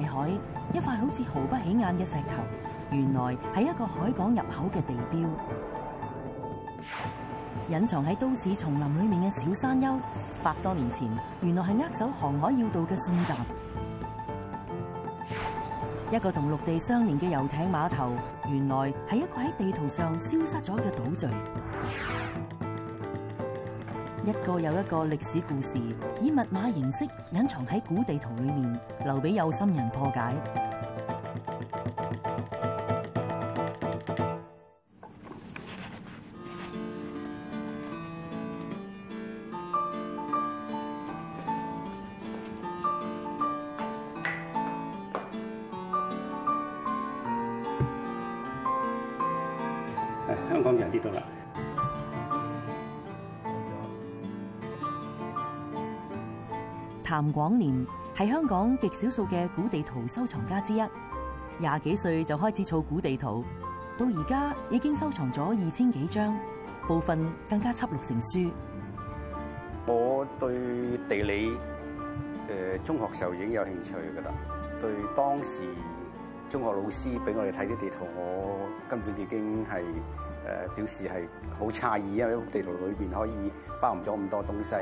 大海一塊好似毫不起眼嘅石頭，原來係一個海港入口嘅地標。隱藏喺都市叢林裏面嘅小山丘，百多年前原來係扼守航海要道嘅汛站。一個同陸地相連嘅游艇碼頭，原來係一個喺地圖上消失咗嘅島嶼。一個又一個歷史故事，以密碼形式隱藏喺古地圖裏面，留俾有心人破解。譚廣濂係香港極少數嘅古地圖收藏家之一，廿幾歲就開始儲古地圖，到而家已經收藏咗二千幾張，部分更加輯錄成書。我對地理誒、呃，中學時候已經有興趣㗎，覺得對當時中學老師俾我哋睇啲地圖，我根本已經係誒、呃、表示係好詫異，因為地圖裏邊可以包含咗咁多東西。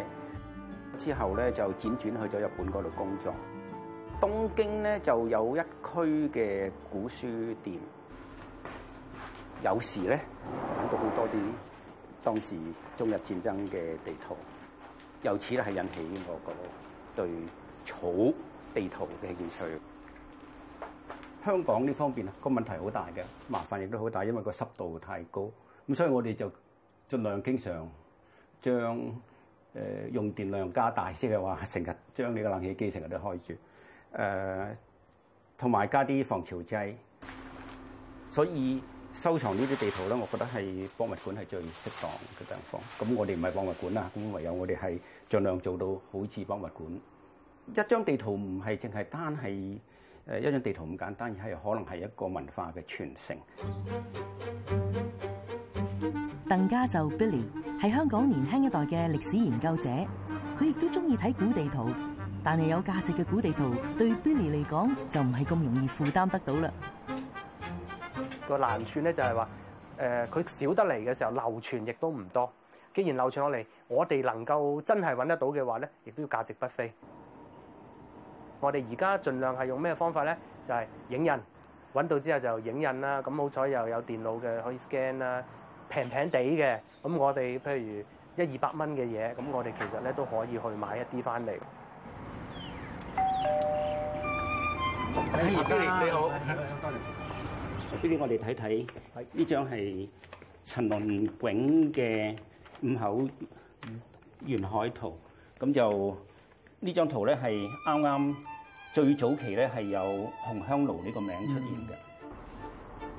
之後咧就輾轉去咗日本嗰度工作，東京咧就有一區嘅古書店，有時咧揾到好多啲當時中日戰爭嘅地圖，由此咧係引起我個對古地圖嘅興趣。香港呢方面啊，個問題好大嘅，麻煩亦都好大，因為個濕度太高，咁所以我哋就盡量經常將。誒用電量加大啲嘅話，成日將你個冷氣機成日都開住，誒同埋加啲防潮劑，所以收藏呢啲地圖咧，我覺得係博物館係最適當嘅地方。咁我哋唔係博物館啦，咁唯有我哋係盡量做到好似博物館。一張地圖唔係淨係單係誒一張地圖咁簡單，而係可能係一個文化嘅傳承。鄧家就 Billy 係香港年輕一代嘅歷史研究者，佢亦都中意睇古地圖，但係有價值嘅古地圖對 Billy 嚟講就唔係咁容易負擔得到啦。個難處咧就係話，誒、呃，佢少得嚟嘅時候流傳亦都唔多。既然流傳落嚟，我哋能夠真係揾得到嘅話咧，亦都要價值不菲。我哋而家盡量係用咩方法咧？就係、是、影印，揾到之後就影印啦。咁好彩又有電腦嘅可以 scan 啦。平平地嘅，咁我哋譬如一二百蚊嘅嘢，咁我哋其實咧都可以去買一啲翻嚟。阿朱，你好，多謝。呢啲我哋睇睇，呢張係陳龍永嘅五口沿海圖，咁就呢張圖咧係啱啱最早期咧係有紅香爐呢個名出現嘅。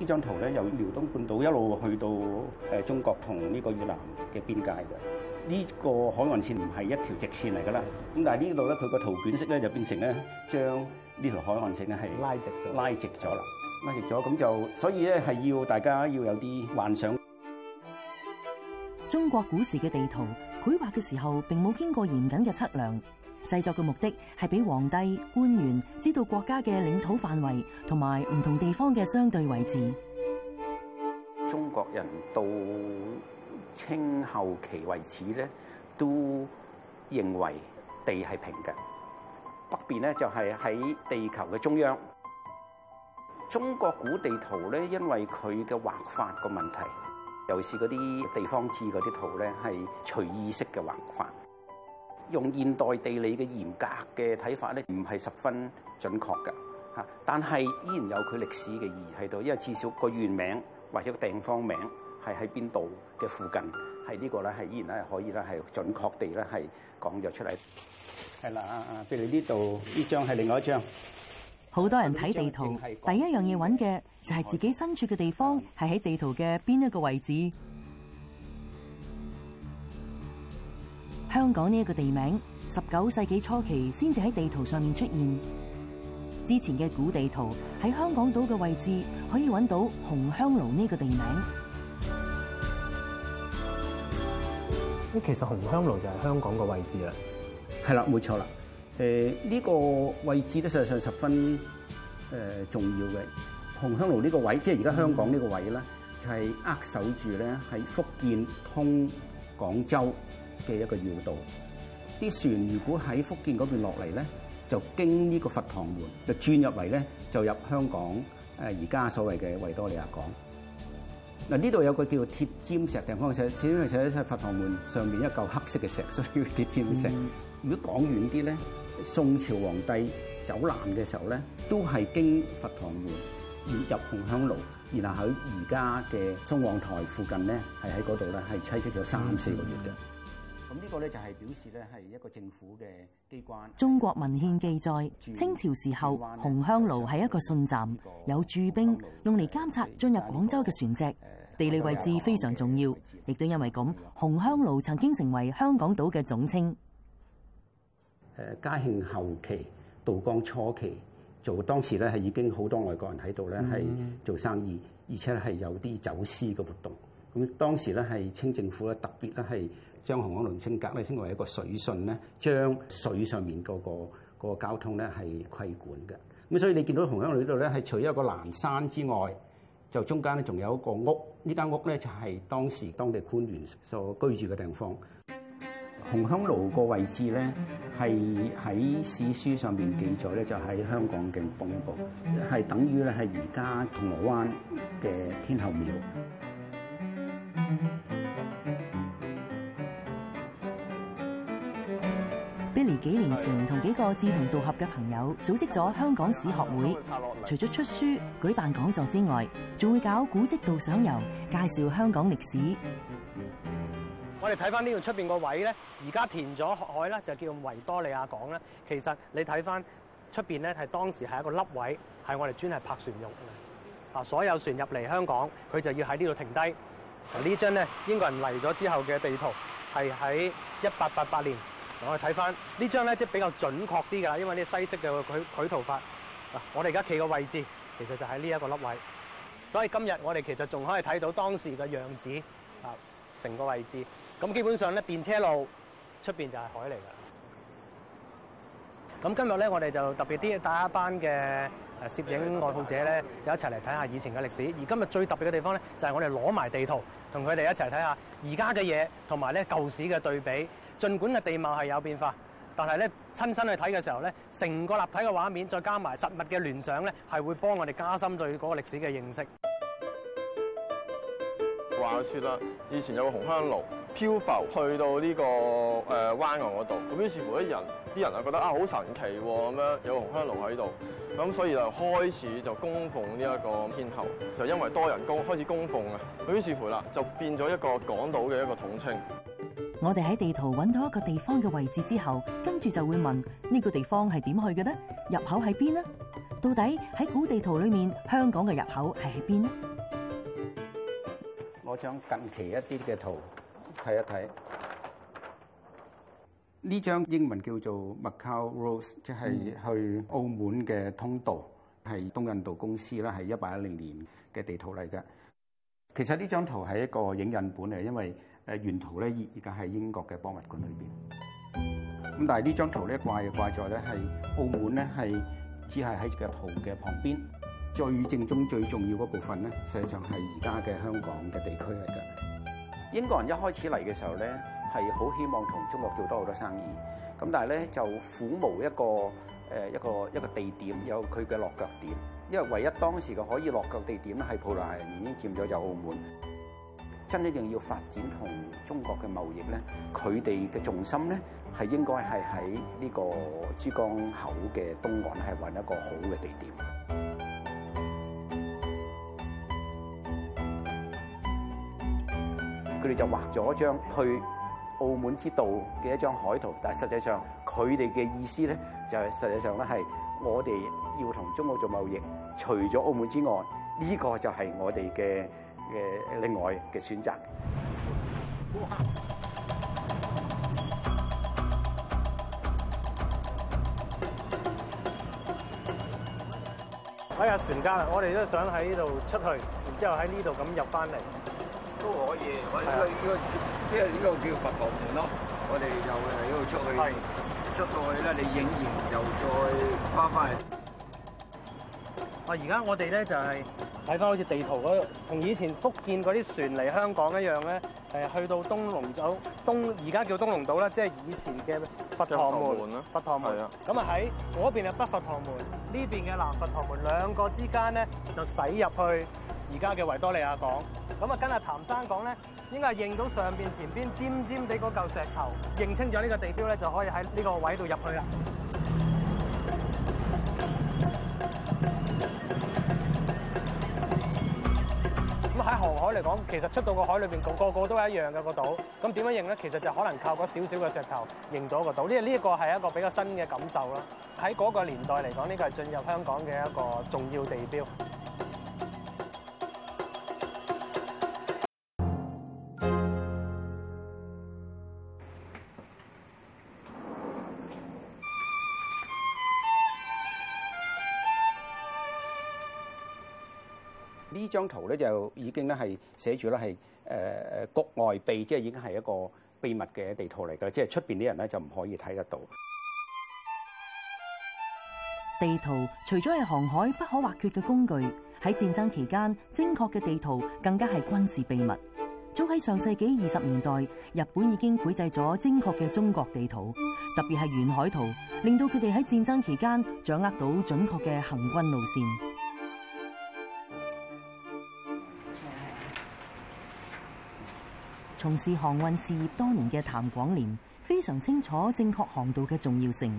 張呢張圖咧，由遼東半島一路去到誒、呃、中國同呢個越南嘅邊界嘅。呢、這個海岸線唔係一條直線嚟㗎啦。咁但係呢度咧，佢個圖卷式咧就變成咧，將呢條海岸線咧係拉直拉直咗啦。拉直咗咁就，所以咧係要大家要有啲幻想。中國古時嘅地圖繪畫嘅時候並冇經過嚴謹嘅測量。製作嘅目的係俾皇帝、官員知道國家嘅領土範圍同埋唔同地方嘅相對位置。中國人到清後期為止咧，都認為地係平嘅，北邊咧就係喺地球嘅中央。中國古地圖咧，因為佢嘅畫法個問題，尤其是嗰啲地方志嗰啲圖咧，係隨意式嘅畫法。用現代地理嘅嚴格嘅睇法咧，唔係十分準確㗎，嚇！但係依然有佢歷史嘅意義喺度，因為至少個原名或者個地方名係喺邊度嘅附近，係呢個咧係依然咧係可以咧係準確地咧係講咗出嚟。係啦，啊啊，譬如呢度呢張係另外一張。好多人睇地圖，一地第一樣嘢揾嘅就係自己身處嘅地方係喺對地圖嘅邊一個位置。香港呢一個地名，十九世紀初期先至喺地圖上面出現。之前嘅古地圖喺香港島嘅位置，可以揾到紅香爐呢個地名。誒，其實紅香爐就係香港個位置啦。係啦，冇錯啦。誒，呢個位置咧，事實上十分誒、呃、重要嘅。紅香爐呢個位，即係而家香港呢個位咧，嗯、就係扼守住咧喺福建通廣州嘅一個要道，啲船如果喺福建嗰邊落嚟咧，就經呢個佛堂門，就轉入嚟咧，就入香港誒而家所謂嘅維多利亞港。嗱，呢度有個叫做鐵尖石地方石，只因為寫一佛堂門上面一嚿黑色嘅石，所以叫鐵尖石。嗯、如果講遠啲咧，宋朝皇帝走難嘅時候咧，都係經佛堂門入紅香爐，然後喺而家嘅宋皇臺附近咧，係喺嗰度咧係棲息咗三、嗯、四個月嘅。咁呢個咧就係表示咧，係一個政府嘅機關。中國文獻記載，清朝時候紅香爐係一個汛站，有駐兵用嚟監察進入廣州嘅船隻，地理位置非常重要。亦都因為咁，紅香爐曾經成為香港島嘅總稱。誒嘉慶後期，道光初期，就當時咧係已經好多外國人喺度咧係做生意，而且係有啲走私嘅活動。咁、嗯嗯、當時咧係清政府咧特別咧係。將紅香爐升格咧，升為一個水汛咧，將水上面嗰個嗰個交通咧係規管嘅。咁所以你見到紅香爐呢度咧，係除咗一個欄山之外，就中間咧仲有一個屋，呢間屋咧就係當時當地官員所居住嘅地方。紅香爐個位置咧，係喺史書上面記載咧，就喺香港嘅東部，係等於咧係而家銅鑼灣嘅天后廟。幾年前同幾個志同道合嘅朋友組織咗香港史學會，除咗出書、舉辦講座之外，仲會搞古蹟導賞遊，介紹香港歷史。我哋睇翻呢度出邊個位咧，而家填咗海啦，就叫維多利亞港啦。其實你睇翻出邊咧，係當時係一個凹位，係我哋專係泊船用。嗱，所有船入嚟香港，佢就要喺呢度停低。嗱呢張咧，英國人嚟咗之後嘅地圖，係喺一八八八年。我哋睇翻呢張咧，即係比較準確啲㗎，因為啲西式嘅繪圖法。嗱，我哋而家企嘅位置，其實就喺呢一個粒位。所以今日我哋其實仲可以睇到當時嘅樣子，啊，成個位置。咁基本上咧，電車路出邊就係海嚟㗎。咁今日咧，我哋就特別啲帶一班嘅攝影愛好者咧，就一齊嚟睇下以前嘅歷史。而今日最特別嘅地方咧，就係、是、我哋攞埋地圖，同佢哋一齊睇下而家嘅嘢，同埋咧舊時嘅對比。儘管嘅地貌係有變化，但係咧親身去睇嘅時候咧，成個立體嘅畫面，再加埋實物嘅聯想咧，係會幫我哋加深對嗰個歷史嘅認識。話説啦，以前有個紅香爐漂浮去到呢個、誒、呃、灣岸嗰度，咁於是乎啲人，啲人啊覺得啊好神奇喎、啊，咁樣有個紅香爐喺度，咁所以就開始就供奉呢一個天后，就因為多人供，開始供奉啊，咁於是乎啦，就變咗一個港島嘅一個統稱。我哋喺地圖揾到一個地方嘅位置之後，跟住就會問呢、呢個地方係點去嘅呢？入口喺邊呢？到底喺古地圖裏面香港嘅入口係喺邊呢？我我張近期一啲嘅圖睇一睇，呢張英文叫做 Macau Rose，即係去澳門嘅通道，係、嗯、東印度公司啦，係一八一零年嘅地圖嚟嘅。其實呢張圖係一個影印本嚟，因為。誒，原圖咧，依依家喺英國嘅博物館裏邊，咁但係呢張圖咧，掛嘅掛在咧，係澳門咧，係只係喺個圖嘅旁邊，最正宗最重要嗰部分咧，實際上係而家嘅香港嘅地區嚟嘅。英國人一開始嚟嘅時候咧，係好希望同中國做多好多生意，咁但係咧，就苦無一個誒，一個一個地點有佢嘅落腳點，因為唯一當時嘅可以落腳地點咧，係葡萄牙人已經佔咗就澳門。真一定要發展同中國嘅貿易咧，佢哋嘅重心咧係應該係喺呢個珠江口嘅東岸，係揾一個好嘅地點。佢哋就畫咗一張去澳門之道嘅一張海圖，但係實際上佢哋嘅意思咧，就係實際上咧係我哋要同中國做貿易，除咗澳門之外，呢個就係我哋嘅。嘅另外嘅選擇。哎呀，船家，我哋都想喺呢度出去，然之後喺呢度咁入翻嚟都可以。呢個呢個，即係呢個叫佛堂門咯。我哋就喺呢度出去，出到去咧，你影完又再翻返嚟。啊！而家我哋咧就係。睇翻好似地圖嗰度，同以前福建嗰啲船嚟香港一樣咧，誒去到東龍島，東而家叫東龍島啦，即係以前嘅佛，佛堂門，佛堂門啦。咁啊喺嗰邊嘅北佛堂門，呢邊嘅南佛堂門兩個之間咧，就駛入去而家嘅維多利亞港。咁啊跟阿譚生講咧，應該係認到上邊前邊尖尖地嗰嚿石頭，認清咗呢個地標咧，就可以喺呢個位度入去啦。嚟講，其實出到個海裏面，個個，個都係一樣嘅嗰個島。咁點樣認咧？其實就可能靠個少少嘅石頭認咗個島。呢、呢、呢個、呢個係一個比較新嘅感受咯。喺嗰個年代嚟講，呢、呢個係進入香港嘅一個重要地標。張圖咧就已經咧係寫住咧係誒國外秘，即係已經係一個秘密嘅地圖嚟㗎，即係出邊啲人咧就唔可以睇得到。地圖除咗係航海不可或缺嘅工具，喺戰爭期間，精確嘅地圖更加係軍事秘密。早喺上世紀二十年代，日本已經繪製咗精確嘅中國地圖，特別係沿海圖，令到佢哋喺戰爭期間掌握到準確嘅行軍路線。從事航運事業多年嘅譚廣濂非常清楚正確航道嘅重要性。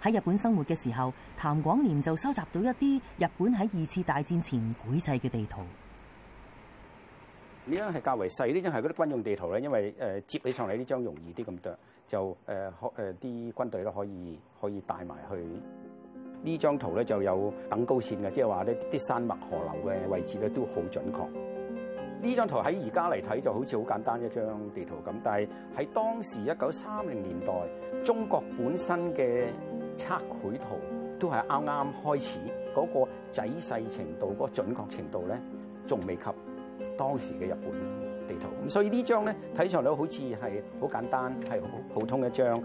喺日本生活嘅時候，譚廣濂就收集到一啲日本喺二次大戰前繪製嘅地圖。呢張係較為細，呢張係嗰啲軍用地圖咧，因為誒、呃、接起上嚟，呢張容易啲咁多，就誒，誒、呃、啲、呃、軍隊都可以可以帶埋去。呢張圖咧就有等高線嘅，即係話呢啲山脈、河流嘅位置咧都好準確。呢張圖喺而家嚟睇就好似好簡單一張地圖，咁，但係喺當時一九三零年代中國本身嘅測繪圖都係啱啱開始，嗰個仔細程度，嗰個準確程度咧，仲未及當時嘅日本。地圖咁，所以呢張咧睇上嚟好似係好簡單，係好普通一張，誒，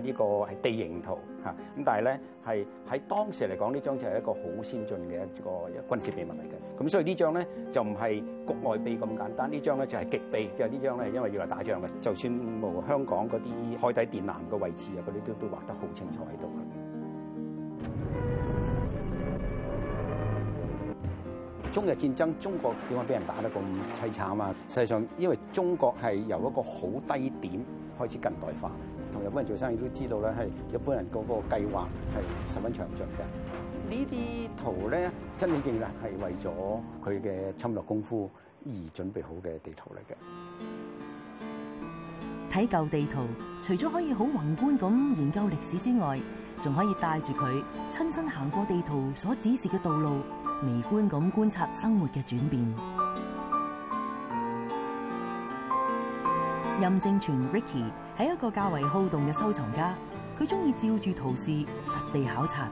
呢個係地形圖嚇。咁但係咧係喺當時嚟講，呢張就係一個好先進嘅一個軍事秘密嚟嘅。咁所以呢張咧就唔係局外秘咁簡單，呢張咧就係極秘，即係呢張咧因為要嚟打仗嘅，就算冇香港嗰啲海底電纜嘅位置啊，嗰啲都都畫得好清楚喺度。中日戰爭，中國點解俾人打得咁凄慘啊？實際上，因為中國係由一個好低點開始近代化，同日本人做生意都知道咧，係日本人嗰個計劃係十分詳盡嘅。這些呢啲圖咧，真係嘅啦，係為咗佢嘅侵略功夫而準備好嘅地圖嚟嘅。睇舊地圖，除咗可以好宏觀咁研究歷史之外，仲可以帶住佢親身行過地圖所指示嘅道路，微觀咁觀察生活嘅轉變。任正全 Ricky 係一個較為好動嘅收藏家，佢中意照住圖示實地考察。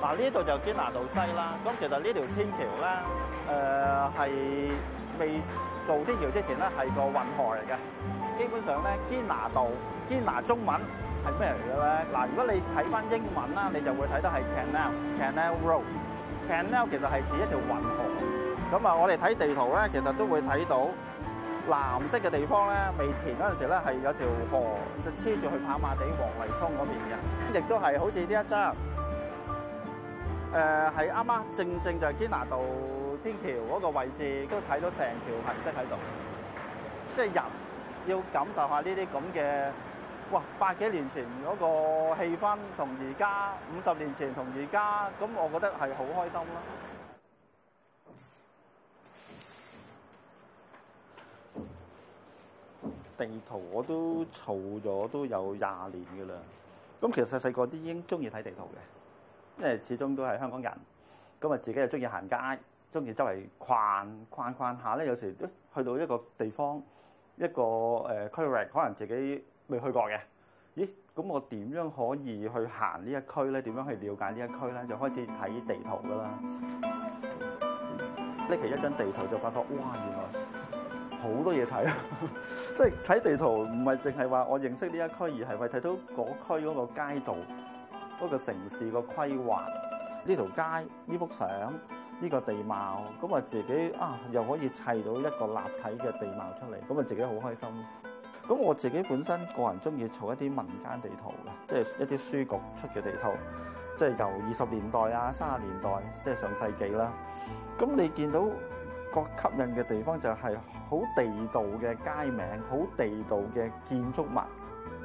嗱，呢度就堅拿道西啦，咁其實呢條天橋咧，誒係未做天橋之前咧，係個運河嚟嘅，基本上咧堅拿道堅拿中文。係咩嚟嘅咧？嗱，如果你睇翻英文啦，你就會睇到係 Canal Canal Road。Canal 其實係指一條運河。咁啊，我哋睇地圖咧，其實都會睇到藍色嘅地方咧，未填嗰陣時咧係有條河，就黐住去跑馬地黃泥涌嗰邊嘅。亦都係好似呢一張，誒、呃，係啱啱正正就堅拿道天橋嗰個位置都睇到成條痕跡喺度。即係人要感受下呢啲咁嘅。哇！百幾年前嗰個氣氛，同而家，五十年前同而家，咁我覺得係好開心咯。地圖我都儲咗都有廿年嘅啦。咁其實細細個啲已經中意睇地圖嘅，因為始終都係香港人，咁啊自己又中意行街，中意周圍逛逛逛下咧。有時都去到一個地方，一個誒、呃、區域，可能自己未去過嘅，咦？咁我點樣可以去行呢一區咧？點樣去了解呢一區咧？就開始睇地圖噶啦。拎起一張地圖就發覺，哇！原來好多嘢睇啊！即係睇地圖唔係淨係話我認識呢一區，而係咪睇到嗰區嗰個街道、嗰個城市個規劃、呢條街、呢幅相、呢個地貌，咁啊自己啊又可以砌到一個立體嘅地貌出嚟，咁啊自己好開心。咁我自己本身個人中意做一啲民間地圖嘅，即係一啲書局出嘅地圖，即係由二十年代啊、三十年代，即係上世紀啦。咁你見到各吸引嘅地方就係好地道嘅街名，好地道嘅建築物，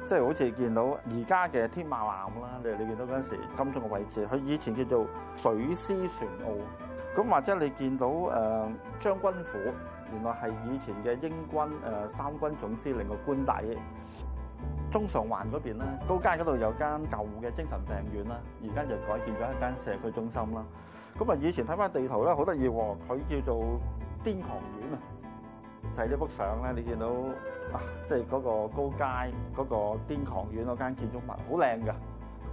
即係好似見到而家嘅天馬岩啦。你見到嗰陣時金鐘嘅位置，佢以前叫做水師船澳。咁或者你見到誒將軍府。原來係以前嘅英軍誒、呃、三軍總司令個官邸，中上環嗰邊咧，高街嗰度有間舊嘅精神病院啦，而家就改建咗一間社區中心啦。咁、嗯、啊，以前睇返地圖咧，好得意喎，佢叫做癲狂院看看啊！睇呢幅相咧，你見到啊，即係嗰個高街嗰、嗰個癲狂院嗰間建築物，好靚㗎。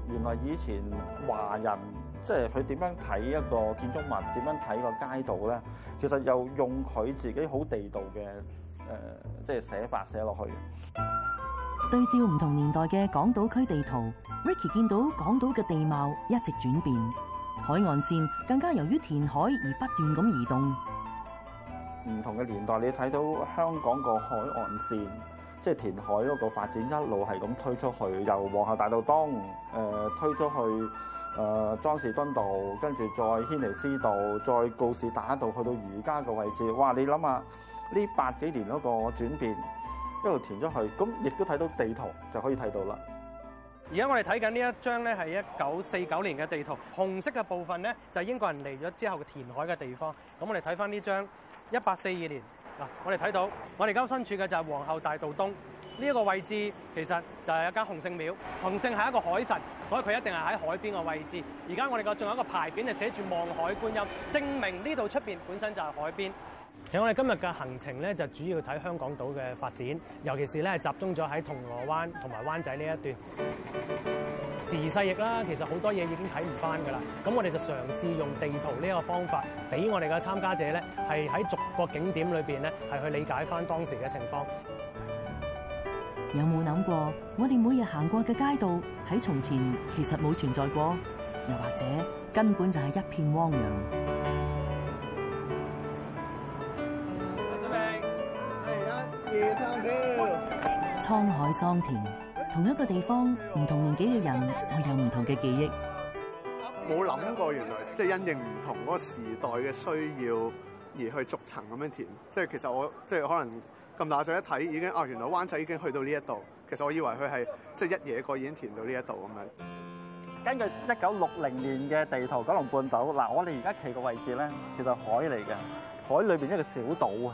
原來以前華人。即係佢點樣睇一個建築物，點樣睇個街道咧？其實又用佢自己好地道嘅誒、呃，即係寫法寫落去。對照唔同年代嘅港島區地圖，Ricky 見到港島嘅地貌一直轉變，海岸線更加由於填海而不斷咁移動。唔同嘅年代，你睇到香港個海岸線，即係填海嗰個發展一路係咁推出去，由皇后大道東誒、呃、推出去。誒、呃、莊士敦道，跟住再軒尼詩道，再告士打道，去到而家嘅位置，哇！你諗下呢百幾年嗰個轉變，一路填咗去，咁亦都睇到地圖就可以睇到啦。而家我哋睇緊呢一張咧，係一九四九年嘅地圖，紅色嘅部分咧就係英國人嚟咗之後填海嘅地方。咁我哋睇翻呢張一八四二年嗱，我哋睇到我哋而家身處嘅就係皇后大道東。呢一個位置其實就係一間洪聖廟，洪聖係一個海神，所以佢一定係喺海邊嘅位置。而家我哋個仲有一個牌匾係寫住望海觀音，證明呢度出面本身就係海邊。其實我哋今日嘅行程咧，就主要睇香港島嘅發展，尤其是咧集中咗喺銅鑼灣同埋灣仔呢一段。時移世易啦，其實好多嘢已經睇唔返㗎喇。咁我哋就嘗試用地圖呢個方法，俾我哋嘅參加者咧係喺逐個景點裏邊咧係去理解返當時嘅情況。有冇諗過？我哋每日行過嘅街道，喺從前其實冇存在過，又或者根本就係一片汪洋。準備，一、二、三、跳。滄海桑田，同一個地方，唔同年紀嘅人會有唔同嘅記憶。冇諗過，原來即係因應唔同嗰個時代嘅需要而去逐層咁樣填，即係其實我即係可能。咁大上一睇，已經啊，原來灣仔已經去到呢一度。其實我以為佢係即係一嘢過已經填到呢一度咁樣。根據一九六零年嘅地圖，九龍半島嗱，我哋而家企個位置咧，其實海嚟嘅，海裏邊一個小島啊。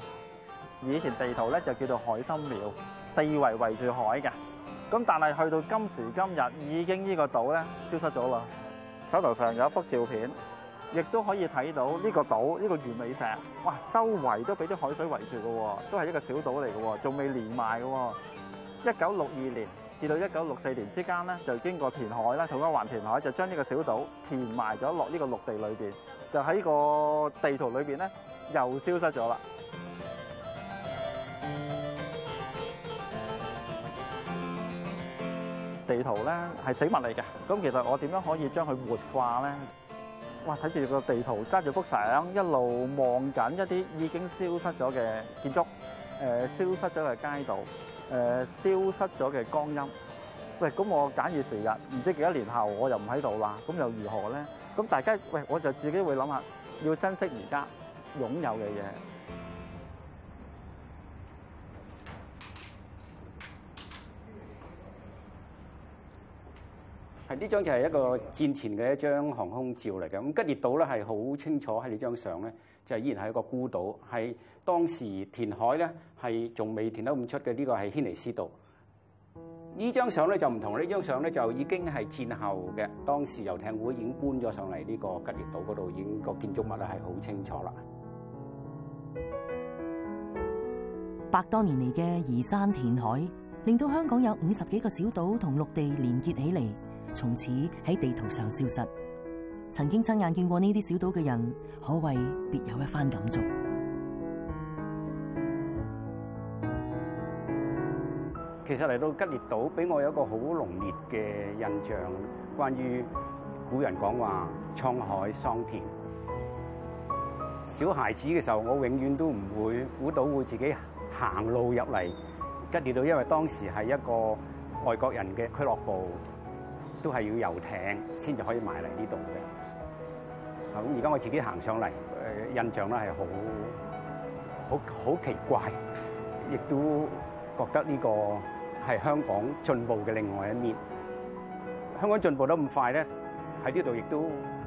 以前地圖咧就叫做海心廟，四圍圍住海嘅。咁但係去到今時今日，已經呢個島咧消失咗啦。手頭上有一幅照片。亦都可以睇到呢個島，呢個魚尾石，哇！周圍都俾啲海水圍住嘅喎，都係一個小島嚟嘅喎，仲未連埋嘅喎。一九六二年至到一九六四年之間咧，就經過填海啦，土瓜灣填海，就將呢個小島填埋咗落呢個陸地裏邊，就喺個地圖裏邊咧又消失咗啦。地圖咧係死物嚟嘅，咁其實我點樣可以將佢活化咧？哇！睇住個地圖，揸住幅相，一路望緊一啲已經消失咗嘅建築、呃，消失咗嘅街道，呃，消失咗嘅光陰。喂，咁我假如時日唔知幾多年後，我又唔喺度啦，咁又如何咧？咁大家，喂，我就自己會諗下，要珍惜而家擁有嘅嘢。呢張就係一個戰前嘅一張航空照嚟嘅。咁吉列島咧係好清楚喺呢張相咧，就依然係一個孤島。喺當時填海咧，係仲未填得咁出嘅。呢、這個係軒尼詩道。呢張相咧就唔同，呢張相咧就已經係戰後嘅。當時遊艇會已經搬咗上嚟呢個吉列島嗰度，已經個建築物係好清楚啦。百多年嚟嘅移山填海，令到香港有五十幾個小島同陸地連結起嚟。從此喺地圖上消失。曾經親眼見過呢啲小島嘅人，可謂別有一番感觸。其實嚟到吉列島，俾我有一個好濃烈嘅印象。關於古人講話，滄海桑田。小孩子嘅時候，我永遠都唔會估到會自己行路入嚟吉列島，因為當時係一個外國人嘅俱樂部。都係要遊艇先就可以埋嚟呢度嘅。咁而家我自己行上嚟，印象咧係好好好奇怪，亦都覺得呢個係香港進步嘅另外一面。香港進步得咁快咧，喺呢度亦都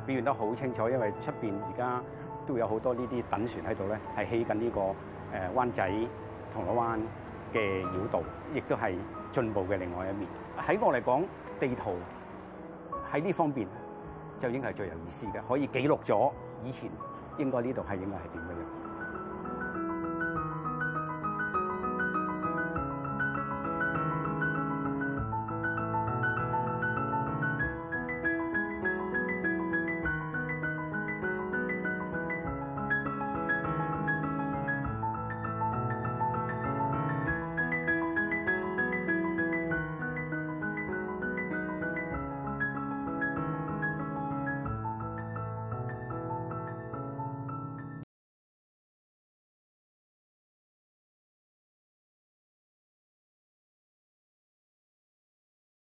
表現得好清楚，因為出邊而家都有好多呢啲等船喺度咧，係起緊呢個誒灣仔銅鑼灣嘅繞道，亦都係進步嘅另外一面。喺我嚟講，地圖。喺呢方面就應該係最有意思嘅，可以記錄咗以前應該呢度係應該係點嘅樣。